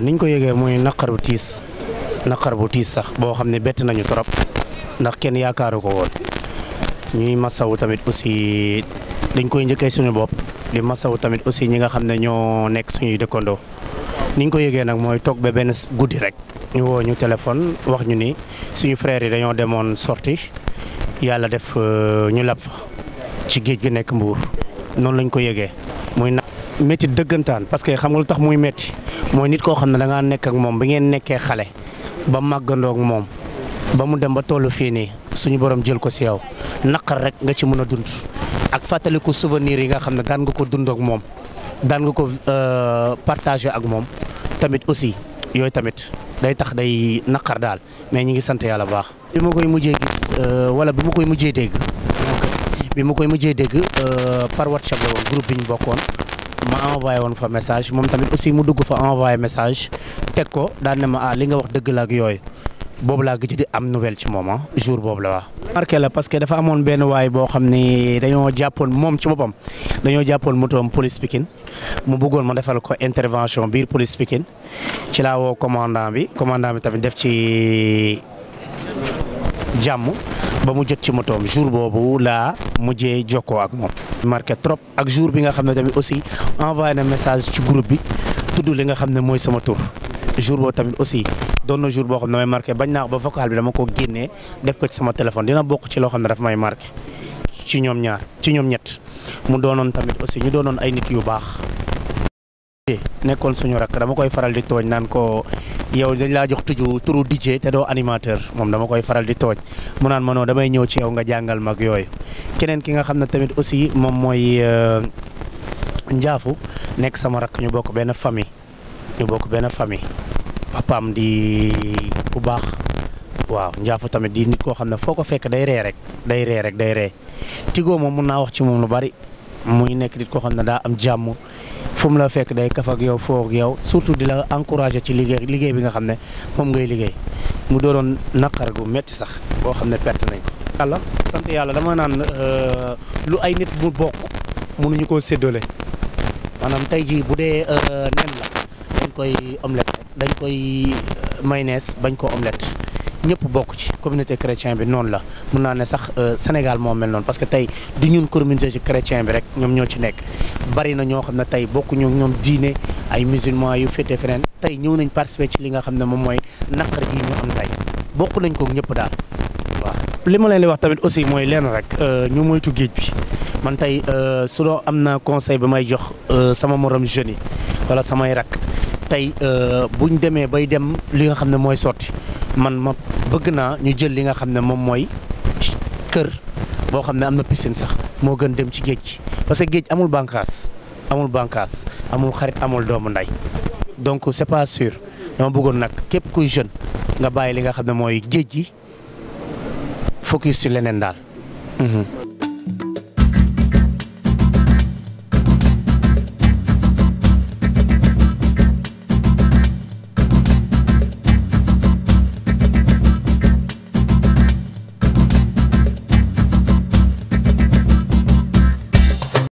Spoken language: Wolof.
niñ ko yégué moy naqar bu tiis naqar bu sax bo xamné ne nañu torop ndax kenn yaakaaru ko woon ñuy massaw tamit aussi dañ koy ñëkke suñu bop di massaw tamit aussi ñi nga xamné ño nek suñu suñuy niñ ko yégué nag moy tok ba ben goudi rek ñu wo ñu téléphone wax ñu ni suñu frère yi dañoo démon sortie yalla def euh, ñu lap ci géej gi nek mbour non lañ ko yégué moy metti deugantane parce que xam nga tax muy mooy nit koo xam ne da nekk ak moom bi ngeen nekkee xale ba màggandoog moom ba mu dem ba tollu fii nii suñu borom jël ko si yow naqar rek nga ci mun a dund ak fàttaliku souvenirs yi nga xam ne daan nga ko dund ak moom daan nga ko euh, partage ak moom tamit aussi yooyu tamit day tax day naqar daal mais ñi ngi sant yàlla baax. bi ma koy mujjee gis euh, wala bi ma koy mujjee dégg bi ma koy mujjee dégg euh, par WhatsApp la woon bokkoon. ma envoyé woon fa message moom tamit aussi mu dugg fa envoyé message teg ko daan ne ma ah li nga wax dëgg la ak yooyu boobu laa gëj di am nouvelle ci moom ah, jour boobu la wax. marqué la parce que dafa amoon benn waay boo xam ni dañoo jàppoon moom ci boppam dañoo jàppoon motoom police Pikine mu buggoon ma defal ko intervention biir police Pikine ci laa woo commandant bi commandant bi tamit def ci. jàmm ba mu jot ci motoom jour boobu laa mujjee jokkoo ak moom. marqué trop ak jour bi nga xam ne tamit aussi envoyé na message ci groupe bi tudd li nga xam ne mooy sama tur jour boobu tamit aussi doon na jour boo xam ne damay marqué bañ naa ba vocal bi dama ko génnee def ko ci sama téléphone dina bokk ci loo xam ne daf may marqué ci ñoom ñaar ci ñoom ñett mu doonoon tamit aussi ñu doonoon ay nit yu baax. yow dañ laa jox tuju turu DJ te doo animateur moom dama koy faral di tooñ mu naan ma noo damay ñëw ci yow nga jàngal mag yooyu keneen ki nga xam ne tamit aussi moom mooy euh, njaafu nekk sama rakk ñu bokk benn famille ñu bokk benn famille papaam di bu baax waaw njaafu tamit di nit koo xam ne foo ko fekk day ree rek day ree rek day ree tigoo moom mun naa wax ci moom lu bari muy nekk nit koo xam ne daa am jàmm fu la fekk day kafak ak yow foo yow surtout di la encourager ci liggéey liggéey bi nga xam ne moom ngay liggéey mu doonoon naqar gu metti sax boo xam ne perte nañ ko. yàlla sant yàlla dama naan euh, lu ay nit mu bokk mënuñu koo séddale maanaam tey jii bu dee euh, nen la dañ koy omelette dañ koy euh, mayonnaise bañ ko omelette ñëpp bokk ci communauté chrétien bi noonu la mun naa ne sax euh, Sénégal moo mel noonu parce que tey du ñun communauté chrétien bi rek ñoom ñoo ci nekk bari na ñoo xam ne tey bokkuñu ñoom diine ay musulman yu féete feneen tey ñëw nañ participer ci li nga xam ne moom mooy naqar gi ñu am tey bokk nañ ko ñëpp daal waaw. li ma leen di wax tamit aussi mooy lenn rek euh, ñoom moytu géej bi man tey euh, su doo am na conseil bi may jox sama morom jeunes yi wala samay rak tey buñ demee bay dem li nga xam ne mooy sotti. man ma bëgg naa ñu jël li nga xam ne moom mooy kër boo xam ne am na piscine sax moo gën dem ci géej gi parce que géej amul bànqaas amul bànqaas amul xarit amul doomu ndey donc c'est pas sûr dama bëggoon nag képp kuy jeune nga bàyyi li nga xam ne mooy géej gi focus ci leneen daal. Mhm.